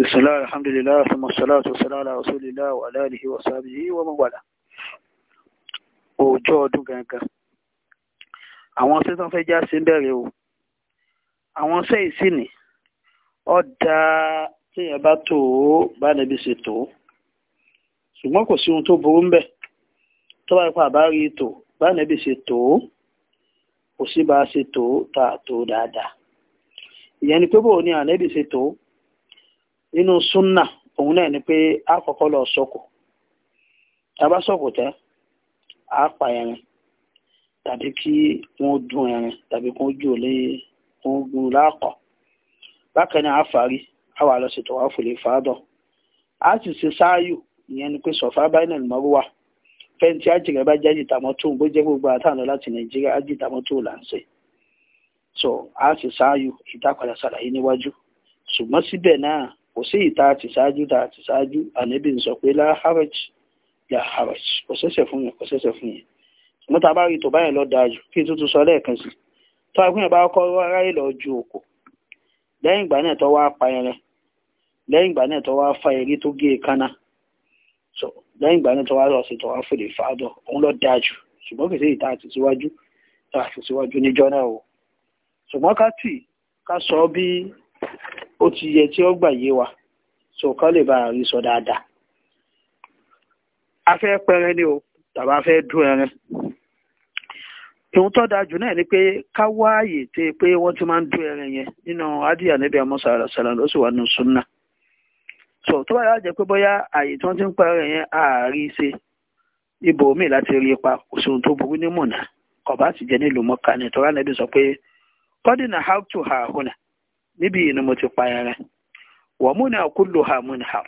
بسم الله الحمد لله ثم الصلاة والسلام على رسول الله وعلى آله وصحبه ومن والاه ọjọ́ ọdún gangan àwọn tí wọ́n fẹ́ já sí bẹ̀rẹ̀ o àwọn sẹ́yìn sì ní ọ̀dà téèyàn bá tò ó bá níbi ṣètò ṣùgbọ́n kò sí ohun tó burú ńbẹ̀ tó bá ipá bá rí tò bá níbi ṣètò kò sí bá ṣètò tá a tó dáadáa ìyẹn ni pé bò ní ànẹ́bì ṣètò nínú súnà òun náà ni pé a kọ́kọ́ lọ sọ̀kò tá a bá sọ̀kò tẹ́ a pa ẹran tàbí kí wọ́n dùn ẹran tàbí kí wọ́n jò lé wọ́n gun láàkọ̀ bákan náà a fàárí a wà lọ sí tọ́wọ́ fòlè fàádọ̀ a sì ṣe sáàyù ìyẹn ni pé sọ̀fà báyìí náà ni mo wà fẹ́ǹtì àjẹgẹ́ bá jẹ́ àjìtàmọ́ tó bó jẹ́ gbogbo àtàlọ́ láti nàìjíríà àjìtàmọ́ là ń ṣe so a sì sáàyù ìdápadà ṣàlàyé níwájú ṣùgbọ́n síbẹ̀ náà kò sí ìta àti ṣáájú ta àti ṣáájú ànẹ́bí ń sọ pé la haraj ya haraj kò sẹ́sẹ̀ fún yẹn kò sẹ́sẹ̀ fún yẹn ṣùgbọ́n tá a bá rí tó báyẹn lọ dáa jù kí n tuntun sọ lẹ́ẹ̀kan sí tó agbóyìn bá kọ́ ráyè lọ ju òkò lẹ́yìn ìgbà náà tó wá pa ẹran lẹ́yìn ìgbà náà tó wá fa eré tó gé e kánná lẹ́yìn ìgbà náà tó wá lọ sí tó fèrè fàádọ̀ òun lọ dáa jù ṣùgbọ́n kì ó ti yẹ tí ó gbà yé wa so kán lè bá a rí sọ dáadáa a fẹ́ pẹrẹ ni o tàbá fẹ́ dún ẹran ìhun tó dáa jù náà ni pé ká wáàyè ààyè pé wọ́n ti máa ń dún ẹran yẹn nínú adìyà níbi àmọ́sà àràsàlà ló sì wà nínú súnà so tó bá yà jẹ́ pé bóyá ààyè tí wọ́n ti ń pa ẹran yẹn ààrí ṣe ibòmíì láti rí ipa kò ohun tó burú ní mọ̀nà kọ̀bá ti jẹ́ nílùú mọ́kànnì tó rà sọ pé kọ́dínà how to her níbi yìí ni mo ti pa ẹran wọ́n múnà kúlò ha múnà ha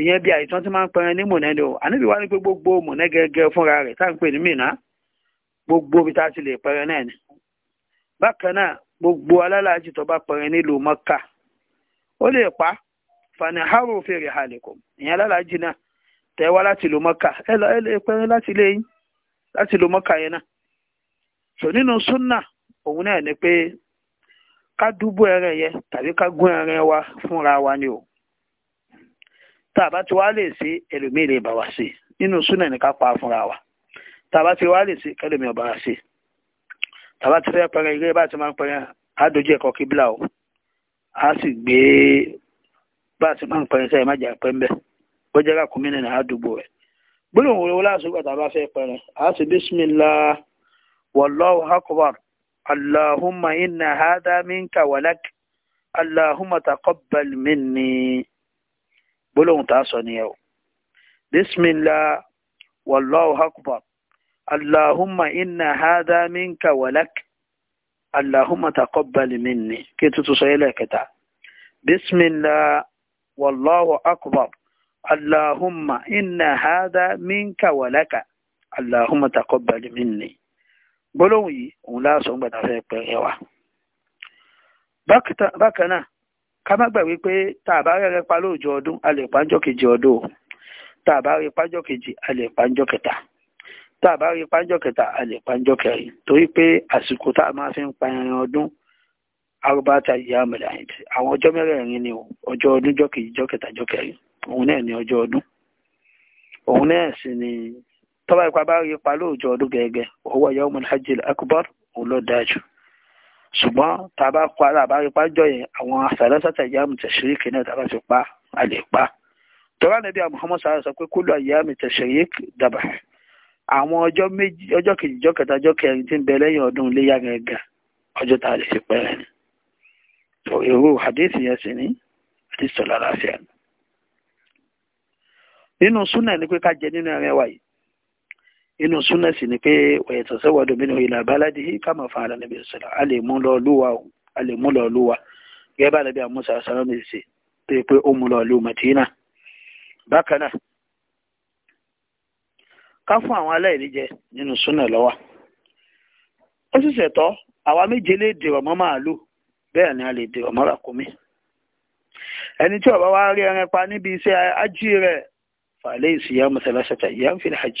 ìyẹn bí àìsàn tí máa ń pẹran ní múnà ni o àníbi wá ní pé gbogbo múnà gẹ́gẹ́ fúnra rẹ̀ tá à ń pè ní mìíràn gbogbo bí tá a ti lè pẹran náà ni bákan náà gbogbo alálàájì tó bá pẹran nílùú mọ́kà ó lè pa fani haro fèrè halẹ̀kọ̀ ìyẹn alálàájì náà tẹ wá láti ìlú mọ́kà ẹ lọ ẹ lè pẹran láti ilé yín láti ìlú mọ́kà yẹn náà sọ nínú súnà òun náà ni pé ká dúbò ẹran yẹn tàbí ká gún ẹran wa fúnra wa ni o tá a bá ti wá lè ṣe ẹlòmíì lè bá wa ṣe nínú súnà ní ká pa fúnra wa tá a bá ti wá lè ṣe kẹlòmíì ọba wa ṣe tá a bá ti fẹ́ pẹrẹ ilé bá ti máa ń pẹrẹ á dojú ẹ̀kọ́ kíbla o á sì gbé bá a ti máa ń pẹrẹ sẹ́yìn má jà pẹ́ ń bẹ́ ká kùnmí nínú àdúgbò rẹ̀ gbólóhùn wo láàṣọ gbàtà bá fẹ́ pẹrẹ á sì bísímìlá wallahu akbar اللهم إن هذا منك ولك اللهم تقبل مني بلون تاسونيو بسم الله والله أكبر اللهم إن هذا منك ولك اللهم تقبل مني كنت تسألك كتا بسم الله والله أكبر اللهم إن هذا منك ولك اللهم تقبل مني gbólóhùn yìí òun láàsọ gbàdá fẹ́ pẹ̀rẹ̀ wa. bákan náà ká má gbàgbé pé tá a bá rẹ́rẹ́ pa lóòjọ́ ọdún a lè pa ń jọ́ kejì ọdún o tá a bá rí pájọ́ kejì a lè pájọ́ kẹta tá a bá rí pájọ́ kẹta a lè pájọ́ kẹrin torí pé àsìkò tá a máa fi ń pa ẹran ọdún arúbáta ìyá mẹlẹ́yìntì àwọn ọjọ́ mẹ́rẹ̀ẹ̀rin ni o ọjọ́ ọdún jọ́ kejì jọ́ kẹta jọ́ kẹrin òun náà ni ọjọ́ ọdún òun náà sì ni tọ́ba ìpa bá rí ipa lóòjọ́ ọdún gẹ́gẹ́ owó ẹ̀yọ́ mọ̀ hajjil akbar òun ló dájú ṣùgbọ́n tá a bá pa tá a bá rí pájọ yẹn àwọn àṣàlọ́sàtà ìyáàmù tẹ̀síríkì náà tá a bá ti pa a lè pa tọ́ba nàbí Muhammad sàrà sọ pé kúlọ̀ ìyáàmù tẹ̀síríkì dàbà àwọn ọjọ́ méjì ọjọ́ kejì ọjọ́ kẹta ọjọ́ kẹrin tí ń bẹ lẹ́yìn ọdún iléyà gẹ́gẹ́ ọjọ́ tá a lè fi pẹ́rẹ́ ni èrò hadith yẹn sì ní àti sọ̀lá láfíà nínú súnà ní pé ká jẹ nínú ẹ̀rẹ́ wáyìí inú súnẹ́sì ni pé ọ̀yẹ̀tọ̀ sẹ́wọ̀dọ̀ mi ní ìlà báládì ká máa fa ara níbi ìṣẹ̀lá a lè mú lọ lúwa o a lè mú lọ lúwa gẹ́gẹ́ bá nàbí àmúṣà sàrán mi ṣe tó yẹ pé ó mú lọ lú bákan náà ká fún àwọn aláìní jẹ nínú súnà lọ́wọ́ ó sì ṣẹ̀tọ́ àwa méje dèrò mọ́ màálù bẹ́ẹ̀ ni a lè dèrò mọ́ ràkúnmí ẹni tí ó bá wá rí ẹran pa níbi iṣẹ́ ají rẹ̀ fàlẹ́ ìsìyá mọ̀sálásátà ìyá ń fi hajj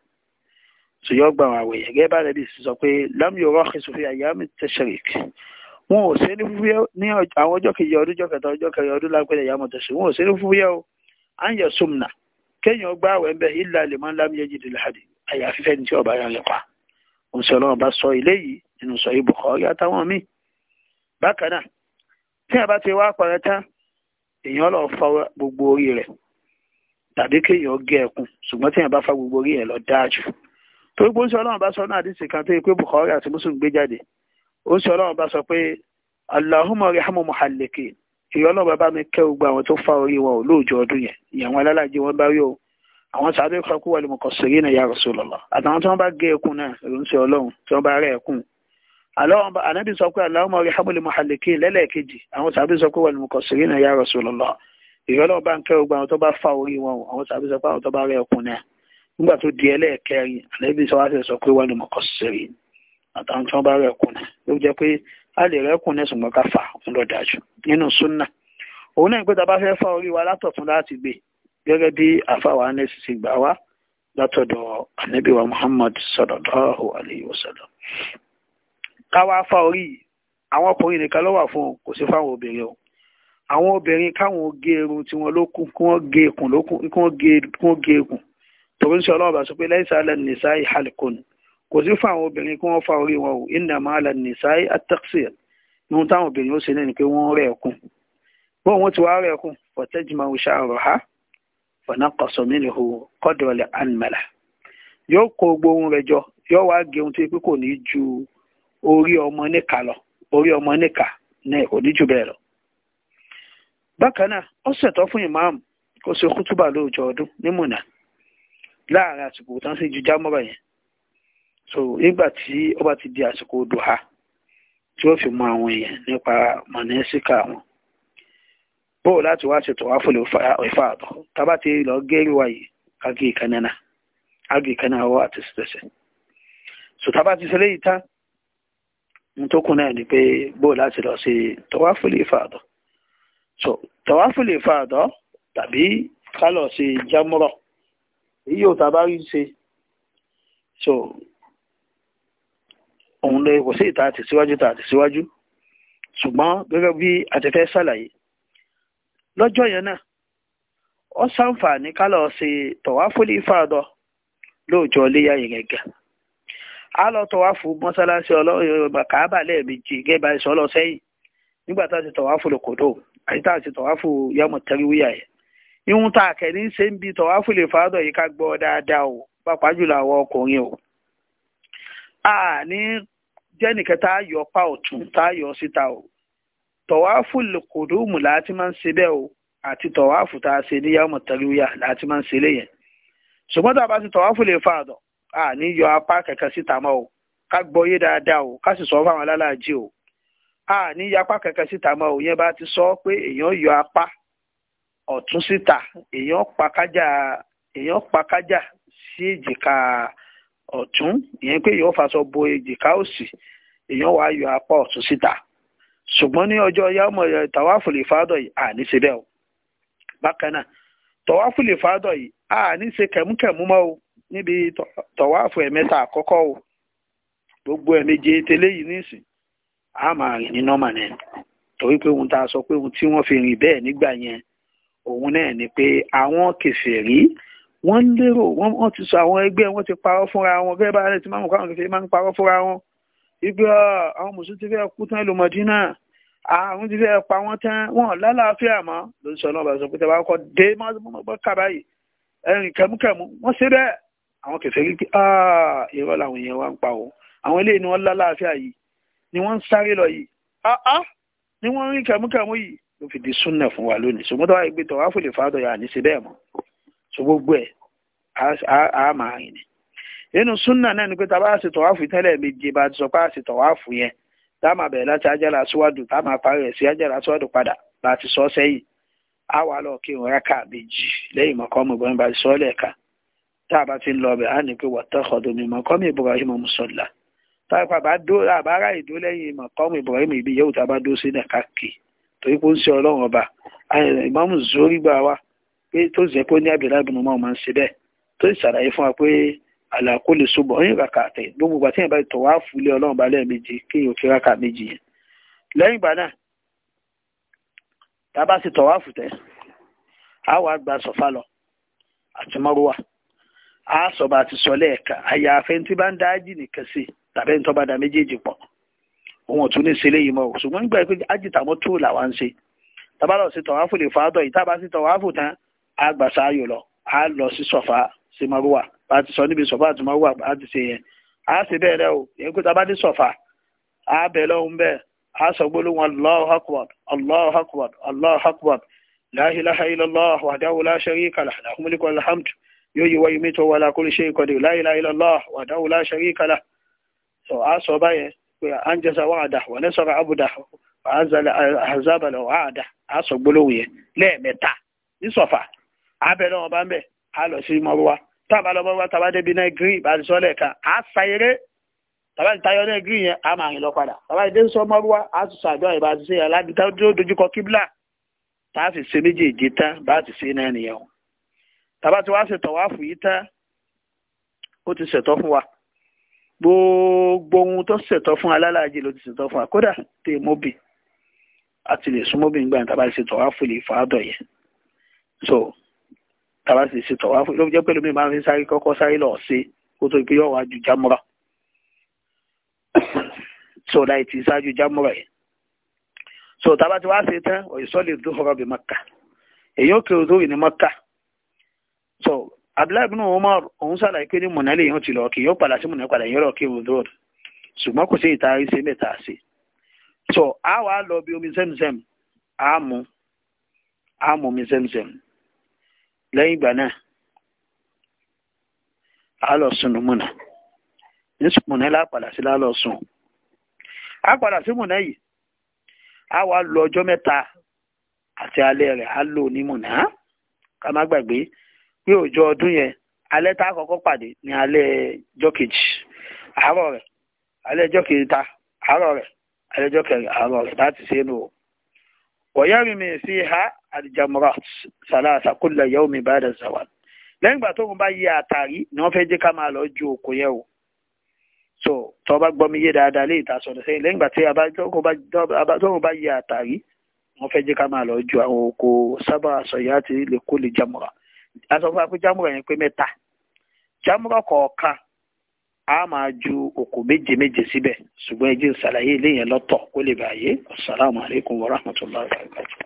sọ yọ gbà àwẹ̀ yẹn gẹ́gẹ́ bá nàbí sọ pé lam yurakhisu fi ayyami tashrik wọn ò ṣe ní fúfúyẹ́ ní àwọn ọjọ́ kejì ọdún ọjọ́ kẹta ọjọ́ kẹrin ọdún lápẹ́lẹ̀ ayyami tashrik wọn ò ṣe ní fúfúyẹ́ o à ń yẹ sumna kéèyàn gbà àwẹ̀ ń bẹ illa liman lam yajid al-hadi àyàfi fẹ́ni tí ọba yàn lẹ́pa òun sì ọlọ́run bá sọ ilé yìí nínú sọ yìí Bukhari àtàwọn míì bákan náà tí a bá ti wá pẹrẹ tán èèyàn tàbí kéèyàn gé ẹkùn ṣùgbọ́n tí a bá fa gbogbo orí rẹ̀ lọ dáa jù torí pé ó sọ ọlọ́run bá sọ náà àdìsí kan tó yẹ pé Bukhari àti Muslim gbé jáde ó sọ ọlọ́run bá sọ pé Allahumma rihamu muhalliki ìyọ́nà bàbá mi kẹ́ gbogbo àwọn tó fa orí wọn ò lóòjọ́ ọdún yẹn ìyàwó alálàjì wọn bá rí o àwọn sàbẹ kọkú wà lómo kọsìrì náà ya Rasulullah àtàwọn tí wọn bá gé ẹkún náà lòún ṣe Ọlọ́run tí wọn bá rẹ ẹkún ànábì sọ pé Allahumma rihamu muhalliki lẹ́lẹ́kejì àwọn sàbẹ sọ pé wà lómo kọsìrì náà ya Rasulullah ìyọ́nà nígbà tó di ẹlẹ́ẹ̀kẹrin àlẹ́bí sọ wá sí sọ pé wọ́n ní mọ̀kọ́ sẹ́rí àtàwọn tí wọ́n bá rẹ̀kùn ní ló jẹ́ pé a lè rẹ́kùn ní ṣùgbọ́n ká fà ń lọ dájú nínú súnà òun náà pé tàbá fẹ́ fá orí wa látọ̀tún láti gbé gẹ́gẹ́ bí àfàwà anẹ́sì ti gbà wá látọ̀dọ̀ ànábì wa Muhammad sallallahu alayhi wa sallam káwá fá orí àwọn ọkùnrin nìkan ló wà fún kò sí fáwọn obìnrin o àwọn obìnrin káwọn gé irun tiwọn lókun kí wọ́n gé ikùn lókun kí wọ́n gé ikùn tòun ṣe ọlọ́ọ̀bà sọ pé laysa ala nisai halqun kò sí fún àwọn obìnrin kí wọ́n fa orí wọn o innama ala nisai at-taqsir níwọ̀n táwọn obìnrin ó ṣe náà ni pé wọ́n rẹ̀ ẹ̀kún bó wọn ti wá rẹ̀ ẹ̀kún fatajma'u sha'raha fanaqasu minhu qadra al-anmala yóò kó gbóhùn rẹ̀ jọ yóò wá gé ohun tó yẹ pé kò ní ju orí ọmọ níka lọ orí ọmọ níka ní kò ní bẹ́ẹ̀ lọ. bákan náà ó ṣètọ́ fún ìmáàmù kó ṣe kútúbà lóòjọ́ ọdún ní mùnà láàrin àsìkò tán sí jíjá mọ́ra yẹn so nígbà tí ó bá ti di àsìkò ha tí ó fi mọ àwọn èèyàn nípa mọ̀nẹ́síkà wọn bó láti wá ṣètò wá fún ìfà àtọ̀ tábà ti lọ gẹ́rù wáyé agi ìkànnà agi ìkànnà ọwọ́ àti ṣẹṣẹ so tábà ti ṣẹlẹ̀ yìí tán n tó kún náà ni pé bó láti lọ ṣe tọwá fún ìfà àtọ̀ so tọwá fún ìfà àtọ̀ tàbí kálọ̀ ṣe jámúrọ̀ èyí ò tàbá rí ṣe so òun lè kò sí ìta àti síwájú ta àti síwájú ṣùgbọ́n gẹ́gẹ́ bí a ti fẹ́ ṣàlàyé lọ́jọ́ yẹn náà ó ṣàǹfààní kálọ̀ ṣe tọ̀wáfólì fàdọ̀ lóòjọ́ léyà ìrẹ̀gẹ̀ a lọ tọ̀wáfù mọ́sálásí ọlọ́run kàábà lẹ́ẹ̀mejì gẹ́gẹ́ bá ìṣọ́lọ sẹ́yìn nígbà tá a ti tọ̀wáfù lòkòdó àti tá a ti tọ̀wáfù yàmù tẹ́ríwíyà yẹn ihun tá a kẹ́ni ṣe ń bi tọ́wá fìlè fàádọ̀ yìí ká gbọ́ dáadáa o pàápàá jùlọ àwọn ọkùnrin o. a ní jẹ́nìkan tá a yọ pa ọ̀tún tá a yọ síta o tọ́wá fìlè kòdóòmù láti máa ń ṣe bẹ́ẹ̀ o àti tọ́wá fùtá ṣe níyàwó mọ̀tàlúyà láti máa ń ṣe léyìn. ṣùgbọ́n tá a bá ti tọ́wá fìlè fàádọ̀ a ní yọ apá kẹ̀kẹ́ síta mọ́ o ká gbọ́ yé dáadáa o ká sì sọ a ní yọ apá kẹ̀kẹ́ síta mọ́ o yẹn bá ti sọ pé èèyàn yọ ọ̀tún síta èèyàn pa kájà èèyàn pa sí èjìká ọ̀tún ìyẹn pé èèyàn faṣọ bo èjìká òsì èèyàn wàá yọ apá ọ̀tún síta ṣùgbọ́n ní ọjọ́ yàmọ̀ tàwáfùlì fàdọ̀ yìí à ní ṣe bẹ́ẹ̀ o bákan náà tàwáfùlì fàdọ̀ yìí à ní ṣe kẹ̀múkẹ̀mú mọ́ o níbi tàwáfù ẹ̀mẹ́ta àkọ́kọ́ o gbogbo ẹ̀mẹ́je tẹ́lẹ̀ yìí nísìn a máa rìn ní nọ́mà náà torí pé ohun tá a sọ pé ohun tí wọ́n fi rìn bẹ́ẹ̀ nígbà yẹn òun náà ni pé àwọn kèfèrí wọ́n lérò wọ́n ti sọ àwọn ẹgbẹ́ wọn ti parọ́ fúnra wọn bẹ́ẹ̀ bá ti máa mú káwọn kèfèrí máa ń parọ́ fúnra wọn ibi ah, àwọn mùsùlùmí ti fẹ́ kú tán lòmọdínà ah, àwọn ti fẹ́ pa wọ́n tán wọn lálàáfíà mọ́ ló ń sọ náà bá sọ pé tẹ́wọ́ kọ́ dé mọ́ kábàáyì ẹ̀rìn kẹmúkẹmú wọ́n ṣe bẹ́ẹ̀ àwọn kèfèrí pé ah, irọ́ làwọn èèyàn wa ń pa o àwọn eléyìí ni wọ́n lálàáfíà yìí ni wọ́n ń sáré lọ yìí ni wọ́n ń rìn kẹmúkẹmú yìí ló fi di súnà fún wa lónìí ṣùgbọ́n tó wá gbé tọ́ wáfò lè fàádọ́ yà ní ṣe bẹ́ẹ̀ mọ́ ṣùgbọ́n gbogbo ẹ̀ á máa rìn ni. nínú súnà náà ni pé tá a bá ṣe tọ́ wáfò tẹ́lẹ̀ méje bá ti sọ pé a ṣe tọ́ wáfò yẹn tá a máa bẹ̀rẹ̀ láti ajára aṣíwájú tá a máa parí ẹ̀ sí ajára aṣíwájú padà láti sọ sẹ́yìn á wà lọ kí òun rákà méjì lẹ́yìn mọ̀kọ́mù Ibrahim bá ti sọ lẹ́ẹ̀ka tá a bá ti ń lọ bẹ̀ á ní pé wattakhadhu min maqami Ibrahim musalla tá a bá dó àbárà ìdó lẹ́yìn mọ̀kọ́mù Ibrahim ibi yẹ́wò tá a bá dó sí náà káàkiri torí pé ó ń ṣe ọlọ́run ọba ìmáàmù zori gbà wá pé tó jẹ́ pé ó ní abdullahi bin umar máa ń ṣe bẹ́ẹ̀ tó sì ṣàlàyé fún wa pé àlàkó lè so bọ̀ ọyìn kàkà tẹ̀ gbogbo ìgbà tí yẹn bá tọ̀ wá fúlé ọlọ́run ọba lẹ́ẹ̀mejì kí yóò fi rákà méjì yẹn lẹ́yìn ìgbà náà tá a bá ti tọ̀ wá fùtẹ́ a wàá gba sọ̀fà lọ àti mọ́rúwà a sọ̀bà àti sọ̀lẹ̀ ẹ̀ka àyàfẹ́ tí bá ń dá jì nìkan sí tàbí ń tọ́ méjèèjì pọ̀ òun ọ̀tún ní sílé yìí mọ́ o ṣùgbọ́n nígbà pé ájìtàmọ́ tó làwa ń ṣe tábàlọ̀ sí tọ̀wáfù lè fàádọ̀ yìí tábà sí tọ̀wáfù tán á gbà sáàyò lọ á lọ sí sọ̀fà sí mọ́rúwà bá ti sọ níbi sọ̀fà àti mọ́rúwà bá ti ṣe yẹn á sì bẹ́ẹ̀ rẹ o èyí pé tábà dé sọ̀fà á bẹ̀ lọ́hùn bẹ́ẹ̀ á sọ gbólóhùn Allahu akbar Allahu akbar anjaza wa'dah wa nasara abdah wa azala ahzaba law a'dah aṣọ gbólóhùn yẹn lẹ́ẹ̀mẹ́ta nísọ̀fà abẹ́rẹ́ wọn bá ń bẹ̀ a lọ sí mọ́rúwá tábà lọ mọ́rúwá tábà débi náà gírì ìbàdí sọ́lẹ̀ kan a sa eré tábà ti tayọ náà gírì yẹn a máa rìn lọ padà tábà ti dé sọ mọ́rúwá a tún sàdúrà ìbàdí sí alábi tá ó dojúkọ kíbla tá a sì ṣe méjèèjì tán bá a ti ṣe náà nìyẹn o tábà ti wá ṣètọ̀ wá fù yí tán ó ti ṣètọ́ fún wa gbogbo ohun tó ṣètọ́ fún alálàájì ló ti ṣètọ́ fún àkódà tè mọ́bì àti lè sún mọ́bì nígbà tá a bá ṣe tọ̀ wá fún ilé ìfàdọ̀ yẹn so tá a bá ṣe ṣe tọ̀ wá fún ló jẹ́ pẹ̀lú mi máa ń fi sáré kọ́kọ́ sáré lọ ṣe kó tó gbé yọ̀wá ju jámọ́ra so láì ti ṣáájú jámọ́ra yẹn so tá a bá ti wá ṣe tán òyìnbó lè dúró rọ́bì mọ́kà èyí ó kéré tó rìn ní mọ́kà so abdullahi ibn umar òun ṣàlàyé pé ní mọ̀nálẹ̀ yóò ti lọ kí yóò padà sí mọ̀nálẹ̀ padà yọ̀rọ̀ kí ṣùgbọ́n kò sí ìta mẹ́ta so a wà lọ bí omi zemzem a mú a mú omi zemzem lẹ́yìn ìgbà náà a lọ sùn sí lálọ́ sùn a padà sí yìí a wà lọ ọjọ́ mẹ́ta àti alẹ́ ní ọjọ́ ọdún yẹn alẹ́ tá a kọ́kọ́ pàdé ní alẹ́ ẹjọ́ kejì àárọ̀ rẹ̀ alẹ́ ẹjọ́ kejì ta àárọ̀ rẹ̀ alẹ́ ẹjọ́ kẹrin àárọ̀ rẹ̀ láti ṣe é nù o. wọ̀nyẹ́ mi mi fi ha alijamurat salasa kulla yawmi ba'da zawal lẹ́yìn ìgbà tóun bá yí àtàrí ni wọ́n fẹ́ jẹ́ ká máa lọ ju òkú yẹn o so tó bá gbọ́ mi yé dáadáa lè ta sọ̀rọ̀ sẹ́yìn lẹ́yìn ìgbà tí tóun bá yí àtàrí wọ́n fẹ́ jẹ́ ká máa lọ ju àwọn òkú sábà sọ̀yà àti lè kó lè jamura aṣọ fún wa pé jámúrà yẹn pé mẹ́ta jámúrà kọ̀ọ̀kan a máa ju òkò méje méje síbẹ̀ ṣùgbọ́n ẹ jẹ́ ìṣàlàyé eléyẹn lọ́tọ̀ kó lè bàyè assalamu alaikum warahmatullahi wabarakatuh.